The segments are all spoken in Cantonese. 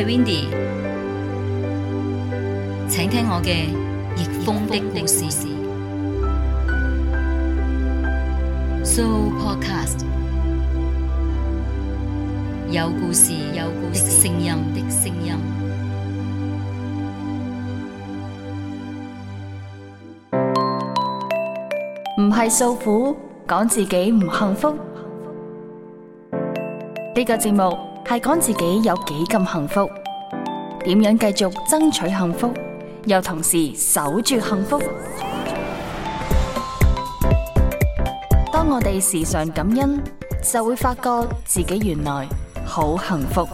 HiWindy，請聽我嘅逆風的故事。So podcast 有故事，有故事，有聲音的聲音。唔係訴苦，講自己唔幸福。呢個節目。係講自己有幾咁幸福，點樣繼續爭取幸福，又同時守住幸福。當我哋時常感恩，就會發覺自己原來好幸福。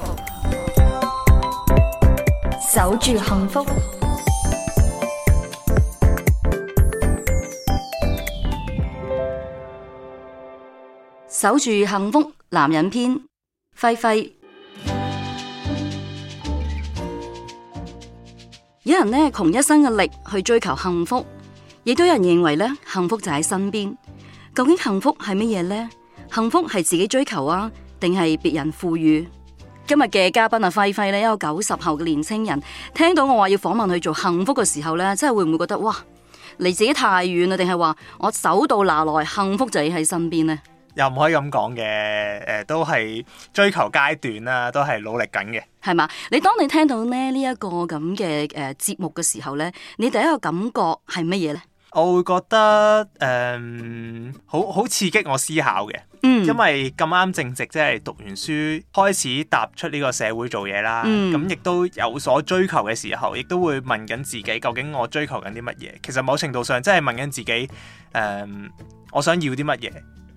守住幸福，守住幸福，男人篇，費費。有人咧窮一生嘅力去追求幸福，亦都有人認為咧幸福就喺身邊。究竟幸福係乜嘢呢？幸福係自己追求啊，定係別人賦予？今日嘅嘉賓啊，輝輝咧一個九十後嘅年青人，聽到我話要訪問佢做幸福嘅時候咧，真係會唔會覺得「哇，離自己太遠啦？定係話我手到拿來，幸福就喺身邊呢？」又唔可以咁講嘅，誒、呃、都係追求階段啦，都係努力緊嘅，係嘛？你當你聽到咧呢一、這個咁嘅誒節目嘅時候呢，你第一個感覺係乜嘢呢？我會覺得誒、呃、好好刺激我思考嘅，嗯、因為咁啱正值即係、就是、讀完書開始踏出呢個社會做嘢啦，咁亦、嗯、都有所追求嘅時候，亦都會問緊自己究竟我追求緊啲乜嘢？其實某程度上即係問緊自己誒、呃，我想要啲乜嘢？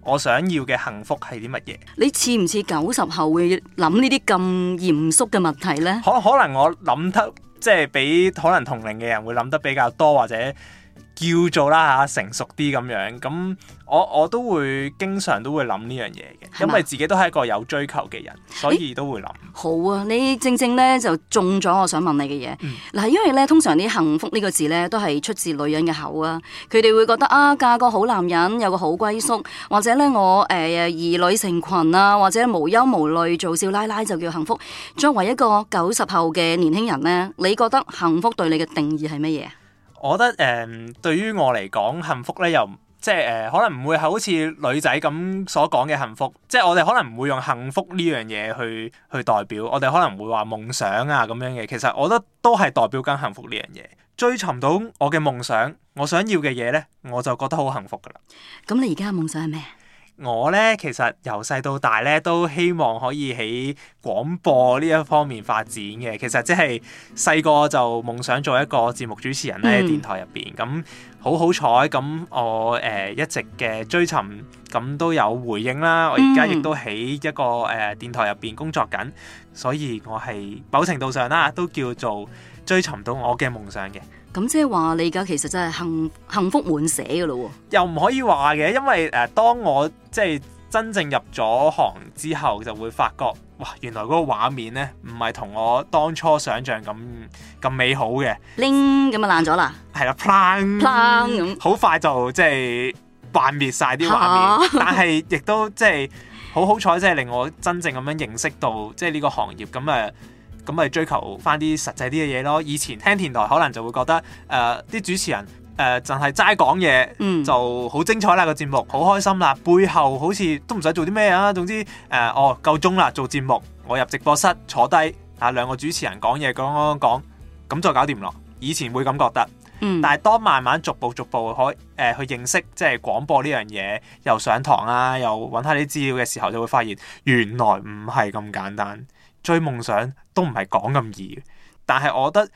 我想要嘅幸福係啲乜嘢？你似唔似九十後會諗呢啲咁嚴肅嘅問題呢？可可能我諗得，即係比可能同齡嘅人會諗得比較多，或者。要做啦，成熟啲咁樣，咁我我都會經常都會諗呢樣嘢嘅，嗎因為自己都係一個有追求嘅人，所以都會諗、欸。好啊，你正正咧就中咗我想問你嘅嘢。嗱、嗯，因為咧通常啲幸福呢個字咧都係出自女人嘅口啊，佢哋會覺得啊嫁個好男人，有個好歸宿，或者咧我誒、呃、兒女成群啊，或者無憂無慮做少奶奶就叫幸福。作為一個九十後嘅年輕人呢，你覺得幸福對你嘅定義係乜嘢？我覺得誒、嗯，對於我嚟講，幸福咧又即係誒、呃，可能唔會係好似女仔咁所講嘅幸福，即係我哋可能唔會用幸福呢樣嘢去去代表，我哋可能唔會話夢想啊咁樣嘅，其實我覺得都係代表緊幸福呢樣嘢，追尋到我嘅夢想，我想要嘅嘢咧，我就覺得好幸福噶啦。咁你而家嘅夢想係咩？我咧，其實由細到大咧，都希望可以喺廣播呢一方面發展嘅，其實即係細個就夢想做一個節目主持人咧，喺電台入邊，咁好好彩咁，嗯、我誒、呃、一直嘅追尋咁都有回應啦。我而家亦都喺一個誒、呃、電台入邊工作緊，所以我係某程度上啦都叫做追尋到我嘅夢想嘅。咁即係話你而家其實真係幸幸福滿寫噶咯？又唔可以話嘅，因為誒、呃，當我即係真正入咗行之後，就會發覺哇，原來嗰個畫面咧唔係同我當初想象咁咁美好嘅。ling 咁啊爛咗啦，係啦，bang bang 咁，好叮叮快就即係幻滅晒啲畫面。哈但係亦都即係好好彩，即係令我真正咁樣認識到即係呢個行業咁誒。咁咪追求翻啲實際啲嘅嘢咯。以前聽電台可能就會覺得，誒、呃、啲主持人誒淨係齋講嘢，就好精彩啦、個節目，好開心啦。背後好似都唔使做啲咩啊。總之誒、呃，哦夠鐘啦，做節目，我入直播室坐低，啊兩個主持人講嘢講講講，咁就搞掂咯。以前會咁覺得，嗯、但係當慢慢逐步逐步可誒、呃、去認識即係廣播呢樣嘢，又上堂啊，又揾下啲資料嘅時候，就會發現原來唔係咁簡單。追夢想都唔係講咁易，但係我覺得誒、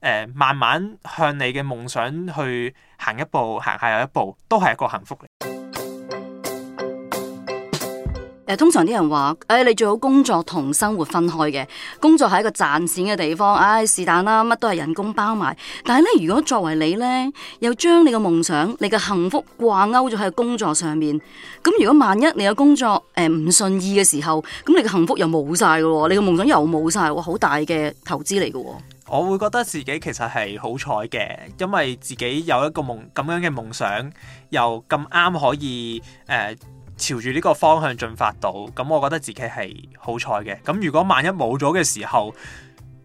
呃，慢慢向你嘅夢想去行一步，行下又一步，都係一個幸福嚟。誒，通常啲人話，誒、哎，你最好工作同生活分開嘅，工作係一個賺錢嘅地方，唉、哎，是但啦，乜都係人工包埋。但係咧，如果作為你呢，又將你嘅夢想、你嘅幸福掛鈎咗喺工作上面，咁如果萬一你嘅工作誒唔順意嘅時候，咁你嘅幸福又冇晒㗎，你嘅夢想又冇晒，好大嘅投資嚟嘅。我會覺得自己其實係好彩嘅，因為自己有一個夢咁樣嘅夢想，又咁啱可以誒。呃朝住呢個方向進發到，咁我覺得自己係好彩嘅。咁如果萬一冇咗嘅時候，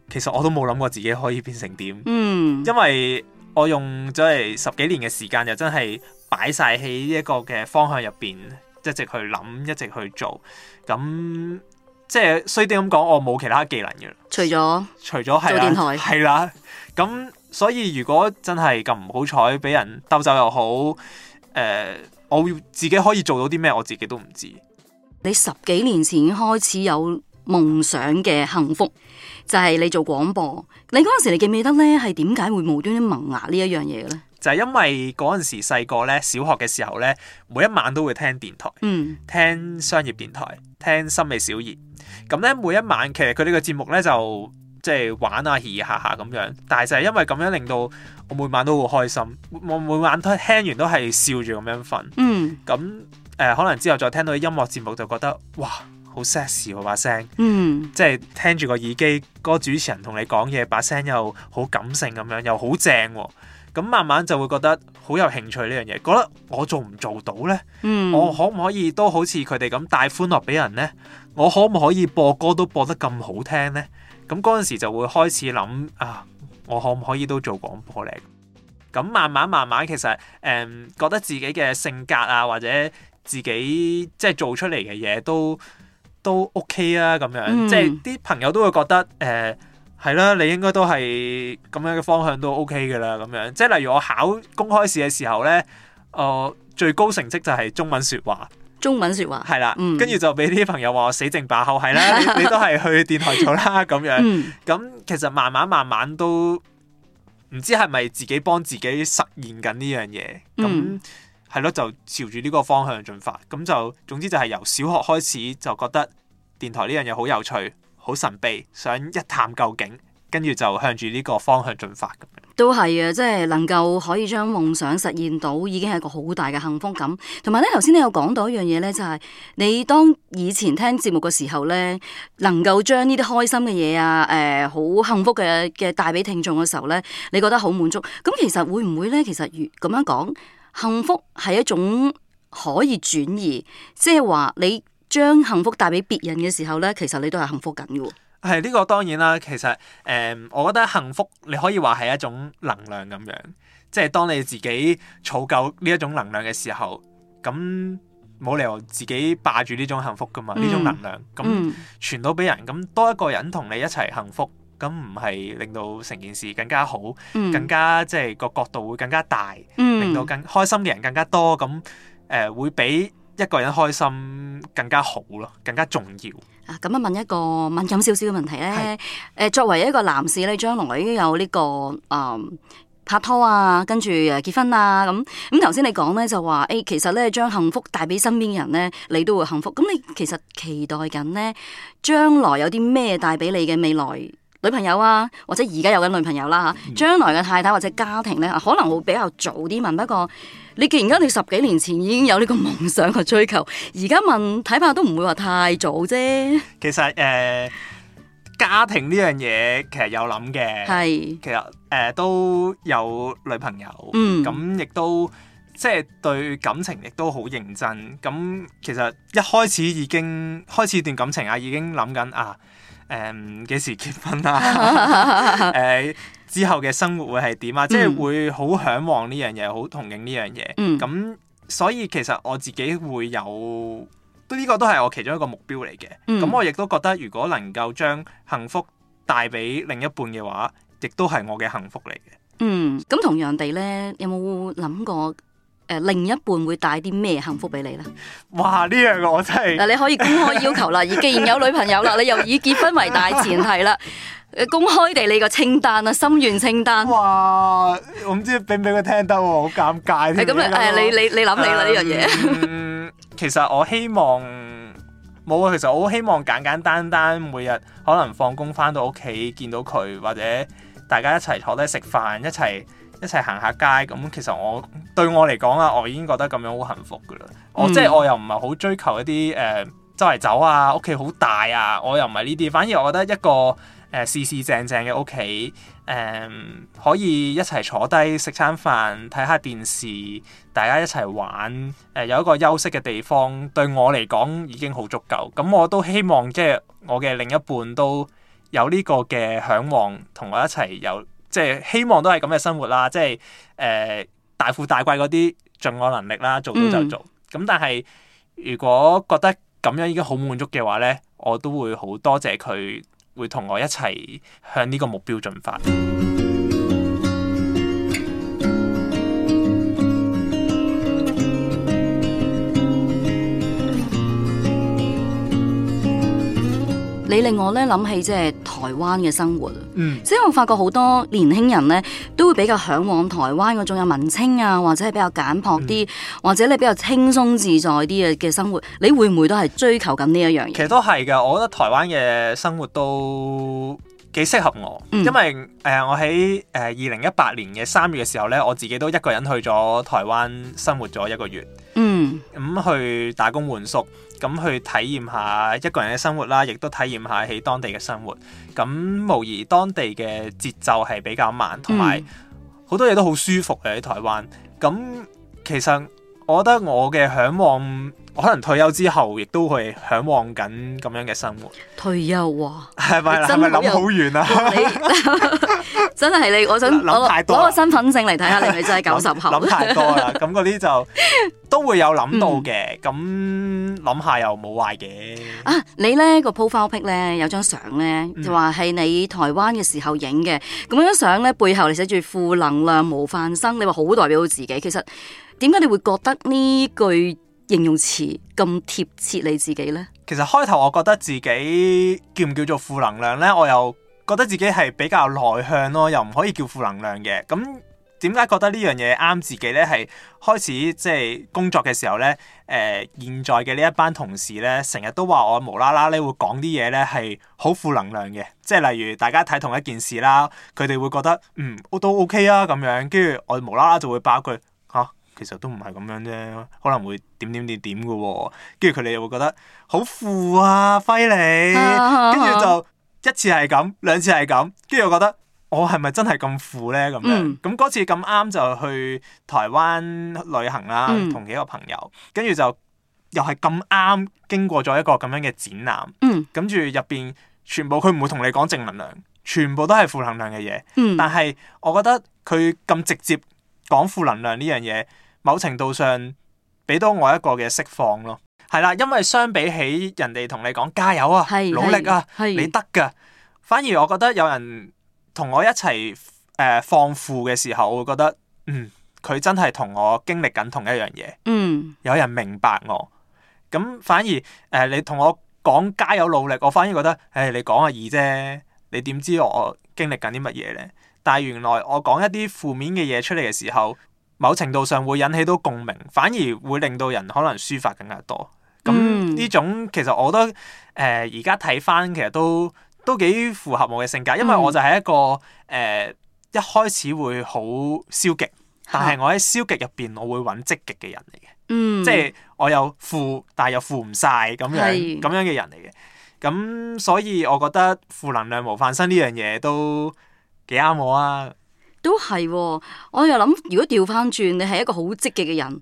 其實我都冇諗過自己可以變成點。嗯，因為我用咗係十幾年嘅時間，就真係擺晒喺呢一個嘅方向入邊，一直去諗，一直去做。咁即係衰啲咁講，我冇其他技能嘅，除咗除咗係做電台，係啦。咁所以如果真係咁唔好彩，俾人鬥走又好，誒、呃。我自己可以做到啲咩，我自己都唔知。你十幾年前開始有夢想嘅幸福，就係、是、你做廣播。你嗰陣時，你記唔記得呢？係點解會無端端萌芽呢一樣嘢呢？就係因為嗰陣時細個呢，小學嘅時候呢，每一晚都會聽電台，嗯，聽商業電台，聽心理小兒。咁呢每一晚其實佢呢個節目呢就。即係玩下、啊、嘻下下咁樣，但係就係因為咁樣令到我每晚都好開心，我每晚都聽完都係笑住咁樣瞓。嗯，咁誒、呃，可能之後再聽到音樂節目就覺得哇，好 sexy 喎、啊、把聲。嗯，即係聽住個耳機，嗰個主持人同你講嘢，把聲又好感性咁樣，又好正、啊。咁慢慢就會覺得好有興趣呢樣嘢，覺得我做唔做到咧？嗯、我可唔可以都好似佢哋咁帶歡樂俾人咧？我可唔可以播歌都播得咁好聽咧？咁嗰陣時就會開始諗啊，我可唔可以都做廣播咧？咁慢慢慢慢其實誒、呃、覺得自己嘅性格啊或者自己即係做出嚟嘅嘢都都 OK 啊咁樣，嗯、即係啲朋友都會覺得誒係、呃、啦，你應該都係咁樣嘅方向都 OK 㗎啦咁樣。即係例如我考公開試嘅時候咧，我、呃、最高成績就係中文説話。中文說話係啦，跟住了、嗯、就俾啲朋友話我死剩把口係啦，你，你都係去電台做啦咁樣，咁、 嗯、其實慢慢慢慢都唔知係咪自己幫自己實現緊呢樣嘢，咁係咯，就朝住呢個方向進發，咁就總之就係由小學開始就覺得電台呢樣嘢好有趣、好神秘，想一探究竟。跟住就向住呢個方向進發咁樣，都係啊，即係能夠可以將夢想實現到，已經係一個好大嘅幸福感。同埋咧，頭先你有講到一樣嘢呢，就係你當以前聽節目嘅時候呢，能夠將呢啲開心嘅嘢啊，誒、呃，好幸福嘅嘢帶俾聽眾嘅時候呢，你覺得好滿足。咁其實會唔會呢？其實如咁樣講，幸福係一種可以轉移，即係話你將幸福帶俾別人嘅時候呢，其實你都係幸福緊嘅。係呢個當然啦，其實誒、呃，我覺得幸福你可以話係一種能量咁樣，即係當你自己儲夠呢一種能量嘅時候，咁冇理由自己霸住呢種幸福噶嘛，呢、嗯、種能量咁、嗯、傳到俾人，咁多一個人同你一齊幸福，咁唔係令到成件事更加好，嗯、更加即係個角度會更加大，嗯、令到更開心嘅人更加多，咁誒、呃、會俾。一個人開心更加好咯，更加重要。啊，咁啊，問一個敏感少少嘅問題咧。誒是，作為一個男士咧，你將來已經有呢、這個誒、嗯、拍拖啊，跟住誒結婚啊，咁咁頭先你講咧就話誒、欸，其實咧將幸福帶俾身邊嘅人咧，你都會幸福。咁你其實期待緊咧，將來有啲咩帶俾你嘅未來？女朋友啊，或者而家有緊女朋友啦、啊、吓，將來嘅太太或者家庭咧，可能會比較早啲問。不過你既然而家你十幾年前已經有呢個夢想去追求，而家問睇怕都唔會話太早啫。其實誒、呃，家庭呢樣嘢其實有諗嘅，係是其實誒、呃、都有女朋友，咁亦、嗯、都即係、就是、對感情亦都好認真。咁其實一開始已經開始段感情啊，已經諗緊啊。誒，幾、um, 時結婚啦、啊？誒， uh, 之後嘅生活會係點啊？即係、嗯、會好向往呢樣嘢，好憧憬呢樣嘢。咁、嗯、所以其實我自己會有，呢、這個都係我其中一個目標嚟嘅。咁、嗯、我亦都覺得，如果能夠將幸福帶俾另一半嘅話，亦都係我嘅幸福嚟嘅。嗯，咁同樣地呢，有冇諗過？另一半會帶啲咩幸福俾你咧？哇！呢樣我真係嗱，你可以公開要求啦。而 既然有女朋友啦，你又以結婚為大前提啦， 公開地你個清單啊，心願清單。清單哇！我唔知俾唔俾佢聽得喎，好尷尬。你咁你你你諗你啦呢樣嘢。嗯，其實我希望冇啊。其實我好希望簡簡單單，單，每日可能放工翻到屋企見到佢，或者大家一齊坐低食飯一齊，一齊行下街咁，其實我對我嚟講啊，我已經覺得咁樣好幸福㗎喇。嗯、我即係我又唔係好追求一啲誒、呃、周圍走啊，屋企好大啊，我又唔係呢啲。反而我覺得一個誒四四正正嘅屋企，誒、呃、可以一齊坐低食餐飯，睇下電視，大家一齊玩，誒、呃、有一個休息嘅地方，對我嚟講已經好足夠。咁、嗯、我都希望即係我嘅另一半都有呢個嘅向往，同我一齊有。即係希望都係咁嘅生活啦，即係誒、呃、大富大貴嗰啲盡我能力啦，做到就做。咁、嗯、但係如果覺得咁樣已經好滿足嘅話咧，我都會好多謝佢會同我一齊向呢個目標進發。你令我咧諗起，即係台灣嘅生活，嗯，所以我發覺好多年輕人咧都會比較向往台灣嗰種有文青啊，或者係比較簡樸啲，嗯、或者你比較輕鬆自在啲嘅嘅生活，你會唔會都係追求緊呢一樣嘢？其實都係噶，我覺得台灣嘅生活都。幾適合我，因為誒、呃、我喺誒二零一八年嘅三月嘅時候呢，我自己都一個人去咗台灣生活咗一個月，嗯，咁、嗯、去打工換宿，咁、嗯、去體驗下一個人嘅生活啦，亦都體驗下喺當地嘅生活。咁、嗯嗯、無疑當地嘅節奏係比較慢，同埋好多嘢都好舒服嘅喺台灣。咁、嗯嗯、其實我覺得我嘅向往。我可能退休之後，亦都係向往緊咁樣嘅生活。退休啊？係咪？係咪諗好遠啊？你 真係你，我想攞攞個身份證嚟睇下，你咪真係九十後？諗太多啦，咁嗰啲就都會有諗到嘅。咁諗、嗯、下又冇壞嘅。啊，你咧、那個 profile 咧有張相咧，就話係你台灣嘅時候影嘅。咁、嗯、張相咧背後你寫住負能量模範生，你話好代表自己。其實點解你會覺得呢句？形容詞咁貼切你自己呢？其實開頭我覺得自己叫唔叫做負能量呢？我又覺得自己係比較內向咯，又唔可以叫負能量嘅。咁點解覺得呢樣嘢啱自己呢？係開始即係、就是、工作嘅時候呢，誒、呃，現在嘅呢一班同事呢，成日都話我無啦啦咧會講啲嘢呢係好負能量嘅，即係例如大家睇同一件事啦，佢哋會覺得嗯我都 OK 啊咁樣，跟住我無啦啦就會爆一句。其實都唔係咁樣啫，可能會點點點點嘅喎、哦，跟住佢哋又會覺得好負啊，輝你，跟住、啊啊、就一次係咁，兩次係咁，跟住我覺得我係咪真係咁負咧？咁、嗯、樣咁嗰次咁啱就去台灣旅行啦，同、嗯、幾個朋友，跟住就又係咁啱經過咗一個咁樣嘅展覽，跟住入邊全部佢唔會同你講正能量，全部都係負能量嘅嘢，嗯、但係我覺得佢咁直接講負能量呢樣嘢。某程度上，俾多我一個嘅釋放咯，係啦，因為相比起人哋同你講加油啊、努力啊，是你得噶，反而我覺得有人同我一齊誒、呃、放負嘅時候，我會覺得嗯，佢真係同我經歷緊同一樣嘢。嗯，有人明白我，咁反而誒、呃，你同我講加油努力，我反而覺得誒、哎，你講阿易啫，你點知我，我經歷緊啲乜嘢咧？但係原來我講一啲負面嘅嘢出嚟嘅時候。某程度上會引起到共鳴，反而會令到人可能抒發更加多。咁呢、嗯、種其實我覺得，誒而家睇返其實都都幾符合我嘅性格，因為我就係一個誒、嗯呃、一開始會好消極，但係我喺消極入邊，我會搵積極嘅人嚟嘅。嗯、即係我又負，但係又負唔晒咁樣咁的樣嘅人嚟嘅。咁所以我覺得負能量模範生呢樣嘢都幾啱我啊！都係、哦，我又諗如果調翻轉，你係一個好積極嘅人，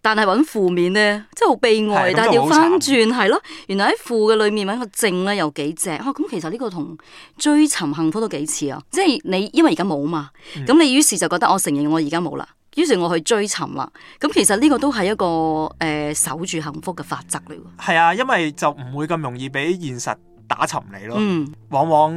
但係搵負面咧，真係好悲哀。但係調翻轉係咯，原來喺負嘅裏面搵個正咧，有幾正啊！咁其實呢個同追尋幸福都幾似啊！即係你因為而家冇嘛，咁、嗯、你於是就覺得我承認我而家冇啦，於是我去追尋啦。咁其實呢個都係一個誒、呃、守住幸福嘅法則嚟。係啊，因為就唔會咁容易俾現實。打沉你咯，嗯、往往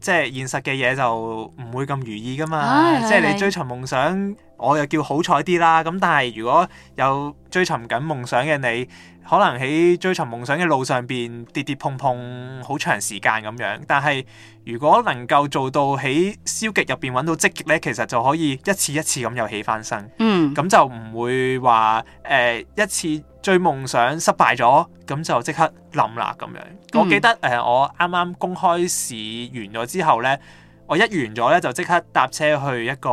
即係現實嘅嘢，就唔會咁如意噶嘛，哎、即係你追尋夢想，我又叫好彩啲啦。咁但係如果有追尋緊夢想嘅你，可能喺追尋夢想嘅路上邊跌跌碰碰，好長時間咁樣。但係如果能夠做到喺消極入邊揾到積極咧，其實就可以一次一次咁又起翻身。嗯，咁就唔會話誒、呃、一次。最夢想失敗咗，咁就即刻冧啦咁樣。我記得誒、嗯呃，我啱啱公開試完咗之後呢，我一完咗呢，就即刻搭車去一個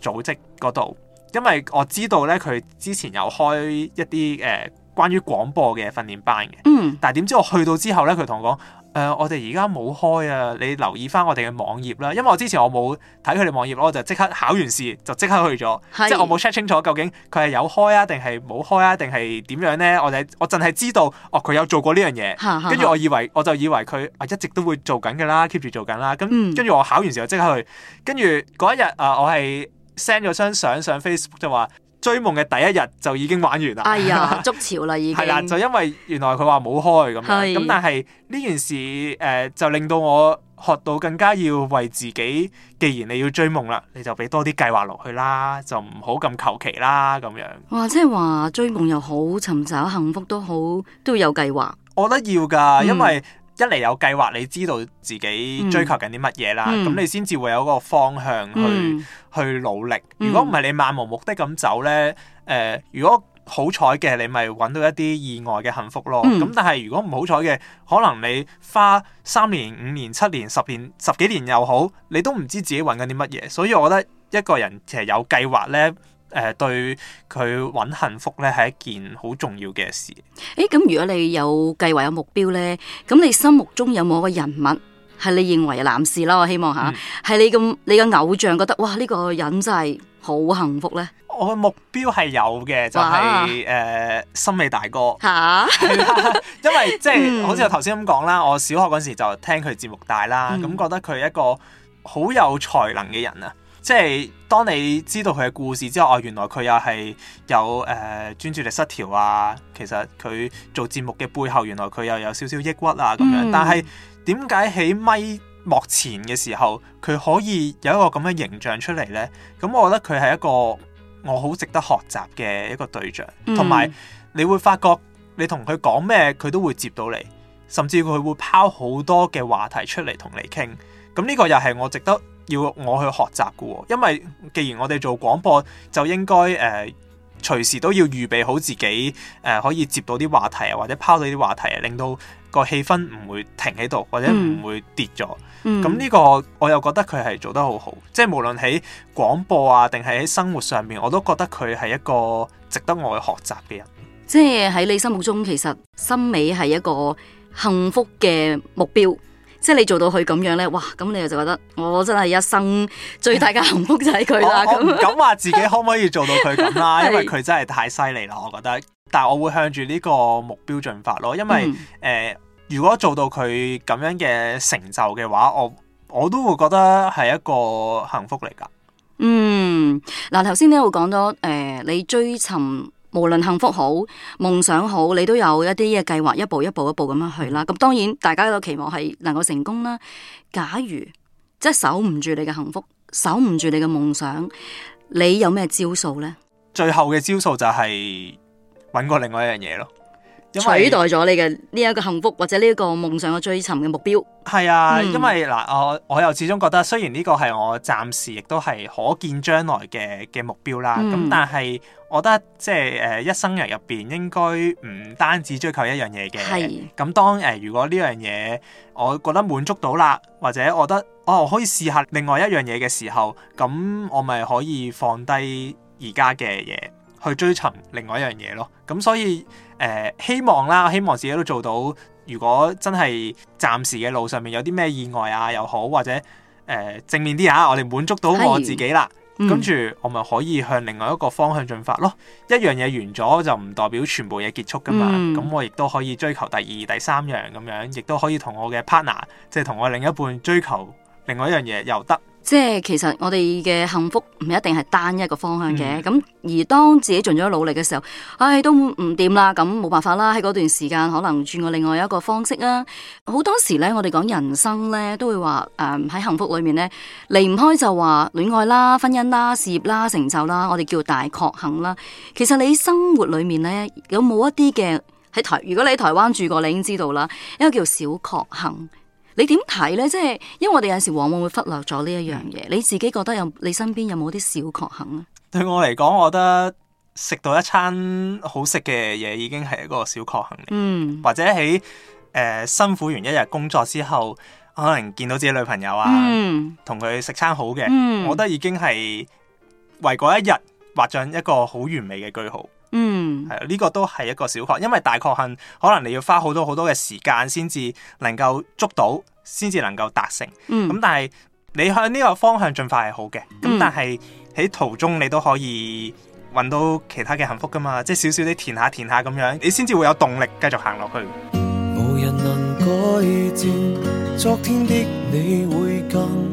組織嗰度，因為我知道呢，佢之前有開一啲誒、呃、關於廣播嘅訓練班嘅。嗯，但係點知我去到之後呢，佢同我講。誒，uh, 我哋而家冇開啊！你留意翻我哋嘅網頁啦，因為我之前我冇睇佢哋網頁，我就即刻考完試就即刻去咗，是即係我冇 check 清楚究竟佢係有開啊，定係冇開啊，定係點樣咧？我哋我淨係知道，哦，佢有做過呢樣嘢，是是是跟住我以為我就以為佢啊一直都會做緊㗎啦，keep 住做緊啦，咁跟住我考完時考完試就即刻去，嗯、跟住嗰一日啊、呃，我係 send 咗張相上 Facebook 就話。追夢嘅第一日就已經玩完啦，哎，係啊，捉潮啦已經。係啦， 就因為原來佢話冇開咁，咁是但係呢件事誒、呃、就令到我學到更加要為自己，既然你要追夢啦，你就俾多啲計劃落去啦，就唔好咁求其啦咁樣。哇！即係話追夢又好，尋找幸福都好，都要有計劃。我覺得要㗎，因為、嗯。一嚟有計劃，你知道自己追求緊啲乜嘢啦，咁、嗯、你先至會有個方向去、嗯、去努力。如果唔係你漫無目的咁走呢？誒、呃，如果好彩嘅，你咪搵到一啲意外嘅幸福咯。咁但係如果唔好彩嘅，可能你花三年、五年、七年、十年、十幾年又好，你都唔知自己搵緊啲乜嘢。所以我覺得一個人其實有計劃呢。呃、誒，對佢搵幸福咧，係一件好重要嘅事。誒，咁如果你有計劃有目標咧，咁你心目中有冇個人物係你認為男士啦？我希望吓係、啊嗯、你咁，你個偶像覺得哇，呢、這個人真係好幸福咧。我嘅目標係有嘅，就係誒森美大哥吓，啊、 因為即係、嗯、好似我頭先咁講啦，我小學嗰時就聽佢節目大啦，咁、嗯、覺得佢係一個好有才能嘅人啊。即係當你知道佢嘅故事之後，哦，原來佢又係有誒、呃、專注力失調啊！其實佢做節目嘅背後，原來佢又有少少抑鬱啊咁樣。嗯、但係點解喺咪幕前嘅時候，佢可以有一個咁嘅形象出嚟呢？咁我覺得佢係一個我好值得學習嘅一個對象，同埋、嗯、你會發覺你同佢講咩，佢都會接到你，甚至佢會拋好多嘅話題出嚟同你傾。咁呢個又係我值得要我去學習嘅，因為既然我哋做廣播，就應該誒隨時都要預備好自己誒、呃，可以接到啲話題啊，或者拋到啲話題啊，令到個氣氛唔會停喺度，或者唔會跌咗。咁呢、嗯這個我又覺得佢係做得好好，嗯、即係無論喺廣播啊，定係喺生活上面，我都覺得佢係一個值得我去學習嘅人。即係喺你心目中，其實心美係一個幸福嘅目標。即係你做到佢咁樣呢？哇！咁你就覺得我真係一生最大嘅幸福就係佢啦。咁 唔敢話自己可唔可以做到佢咁啦？ 因為佢真係太犀利啦，我覺得。但係我會向住呢個目標進發咯，因為誒、嗯呃，如果做到佢咁樣嘅成就嘅話，我我都會覺得係一個幸福嚟噶。嗯，嗱、啊，頭先你我講咗誒，你追尋。無論幸福好，夢想好，你都有一啲嘅計劃，一步一步一步咁樣去啦。咁當然，大家都期望係能夠成功啦。假如即係、就是、守唔住你嘅幸福，守唔住你嘅夢想，你有咩招數呢？最後嘅招數就係搵過另外一樣嘢咯。取代咗你嘅呢一個幸福或者呢一個夢想嘅追尋嘅目標。係啊，嗯、因為嗱，我我又始終覺得，雖然呢個係我暫時亦都係可見將來嘅嘅目標啦，咁、嗯、但係我覺得即係誒，一生人入邊應該唔單止追求一樣嘢嘅。係。咁當誒、呃，如果呢樣嘢我覺得滿足到啦，或者我覺得哦，可以試下另外一樣嘢嘅時候，咁我咪可以放低而家嘅嘢去追尋另外一樣嘢咯。咁所以。誒、呃，希望啦，希望自己都做到。如果真係暫時嘅路上面有啲咩意外啊又好，或者誒、呃、正面啲啊，我哋滿足到我自己啦，嗯、跟住我咪可以向另外一個方向進發咯。一樣嘢完咗就唔代表全部嘢結束㗎嘛，咁、嗯、我亦都可以追求第二、第三樣咁樣，亦都可以同我嘅 partner，即係同我另一半追求另外一樣嘢又得。即係其實我哋嘅幸福唔一定係單一個方向嘅，咁、mm hmm. 而當自己盡咗努力嘅時候，唉、哎、都唔掂啦，咁冇辦法啦。喺嗰段時間，可能轉過另外一個方式啦、啊。好多時咧，我哋講人生咧，都會話誒，喺幸福裏面咧，離唔開就話戀愛啦、婚姻啦、事業啦、成就啦，我哋叫大確幸啦。其實你生活裏面咧，有冇一啲嘅喺台？如果你喺台灣住過，你已經知道啦，一個叫小確幸。你點睇呢？即係，因為我哋有時往往會忽略咗呢一樣嘢。你自己覺得有，你身邊有冇啲小確幸咧？對我嚟講，我覺得食到一餐好食嘅嘢，已經係一個小確幸。嗯，或者喺、誒、呃、辛苦完一日工作之後，可能見到自己女朋友啊，同佢食餐好嘅，嗯、我覺得已經係為嗰一日畫上一個好完美嘅句號。係，呢、嗯、個都係一個小確，因為大確幸可能你要花好多好多嘅時間先至能夠捉到，先至能夠達成。咁、嗯嗯、但係你向呢個方向進發係好嘅，咁、嗯、但係喺途中你都可以搵到其他嘅幸福噶嘛，即係少少啲填下填下咁樣，你先至會有動力繼續行落去。無人能改昨天的你會更。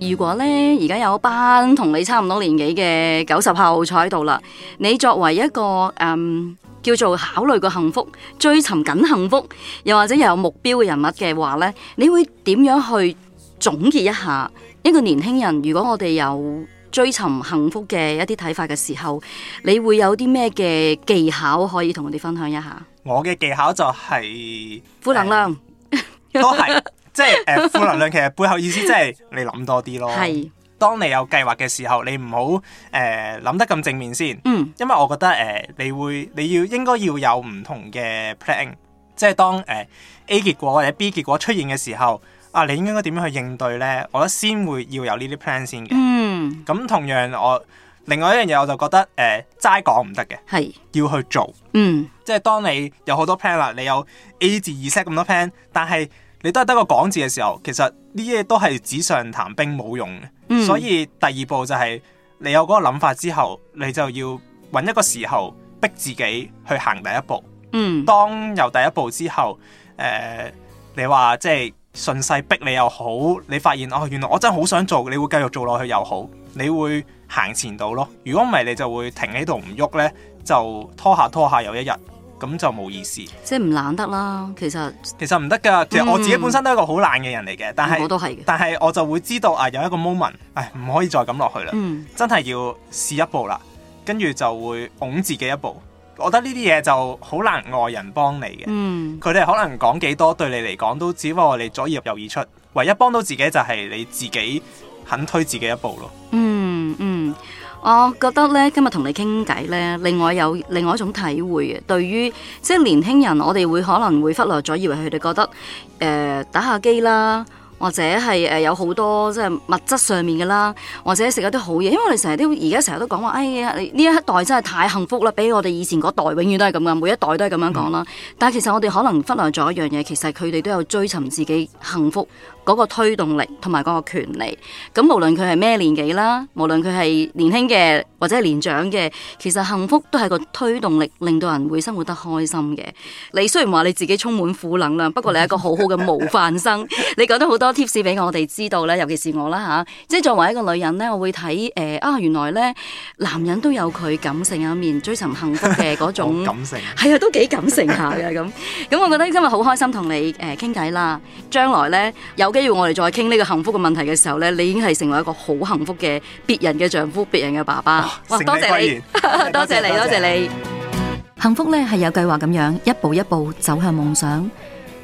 如果咧而家有一班同你差唔多年紀嘅九十後坐喺度啦，你作為一個誒、嗯、叫做考慮過幸福、追尋緊幸福，又或者又有目標嘅人物嘅話呢，你會點樣去總結一下一個年輕人？如果我哋有追尋幸福嘅一啲睇法嘅時候，你會有啲咩嘅技巧可以同我哋分享一下？我嘅技巧就係、是、富能量，哎、都係。 即係誒，負、呃、能量其實背後意思即係你諗多啲咯。係是，當你有計劃嘅時候，你唔好誒諗得咁正面先。嗯，因為我覺得誒、呃，你會你要應該要有唔同嘅 plan。即係當誒、呃、A 結果或者 B 結果出現嘅時候，啊，你應該點樣去應對咧？我覺得先會要有呢啲 plan 先嘅。嗯，咁同樣我另外一樣嘢，我就覺得誒齋講唔得嘅，係、呃、是要去做。嗯，即係當你有好多 plan 啦，你有 A 至 Z 咁多 plan，但係。你都係得個講字嘅時候，其實呢啲嘢都係紙上談兵，冇用嘅。嗯、所以第二步就係、是、你有嗰個諗法之後，你就要揾一個時候逼自己去行第一步。嗯，當由第一步之後，誒、呃，你話即係順勢逼你又好，你發現哦，原來我真係好想做，你會繼續做落去又好，你會行前度咯。如果唔係，你就會停喺度唔喐呢，就拖下拖下有一日，咁就冇意思，即係唔懶得啦。其實其實唔得㗎，其實我自己本身都係一個好懶嘅人嚟嘅，嗯、但係是我都係，但係我就會知道啊，有一個 moment，唉，唔可以再咁落去啦，嗯、真係要試一步啦，跟住就會推自己一步。我覺得呢啲嘢就好難外人幫你嘅，佢哋、嗯、可能講幾多對你嚟講都只不過係左耳入右耳出，唯一幫到自己就係你自己肯推自己一步咯。嗯。我覺得咧，今日同你傾偈咧，另外有另外一種體會嘅。對於即係年輕人，我哋會可能會忽略咗，以為佢哋覺得誒、呃、打下機啦，或者係誒有好多即係物質上面嘅啦，或者食一啲好嘢。因為我哋成日都而家成日都講話，哎呀，呢一代真係太幸福啦！比我哋以前嗰代永遠都係咁噶，每一代都係咁樣講啦。嗯、但係其實我哋可能忽略咗一樣嘢，其實佢哋都有追尋自己幸福。嗰個推動力同埋嗰個權利，咁無論佢係咩年紀啦，無論佢係年輕嘅或者係年長嘅，其實幸福都係個推動力，令到人會生活得開心嘅。你雖然話你自己充滿負能量，不過你係一個好好嘅模範生。 你講咗好多 tips 俾我哋知道咧，尤其是我啦吓、啊，即係作為一個女人咧，我會睇誒啊，原來咧男人都有佢感性一面，追尋幸福嘅嗰種 感性，係啊，都幾感性下嘅咁。咁、啊、我覺得今日好開心同你誒傾偈啦，將來咧有。假如我哋再傾呢個幸福嘅問題嘅時候呢，你已經係成為一個好幸福嘅別人嘅丈夫、別人嘅爸爸。哇，多謝你，多謝你，多謝你！幸福呢係有計劃咁樣一步一步走向夢想。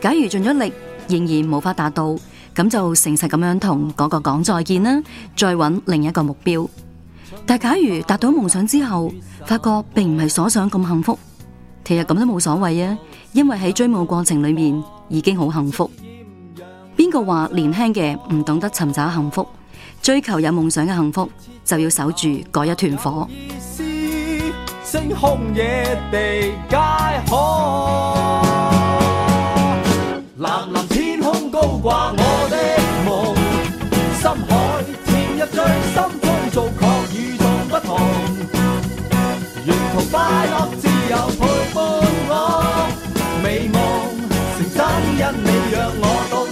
假如盡咗力仍然無法達到，咁就誠實咁樣同嗰個講再見啦，再搵另一個目標。但係假如達到夢想之後，發覺並唔係所想咁幸福，其實咁都冇所謂啊，因為喺追夢過程裏面已經好幸福。個話年輕嘅唔懂得尋找幸福，追求有夢想嘅幸福，就要守住嗰一團火。星空野地皆可，藍藍天空高掛我的夢，深海潛入最深處做，確與眾不同。沿途快樂自由陪伴我，美夢成真，因你讓我到。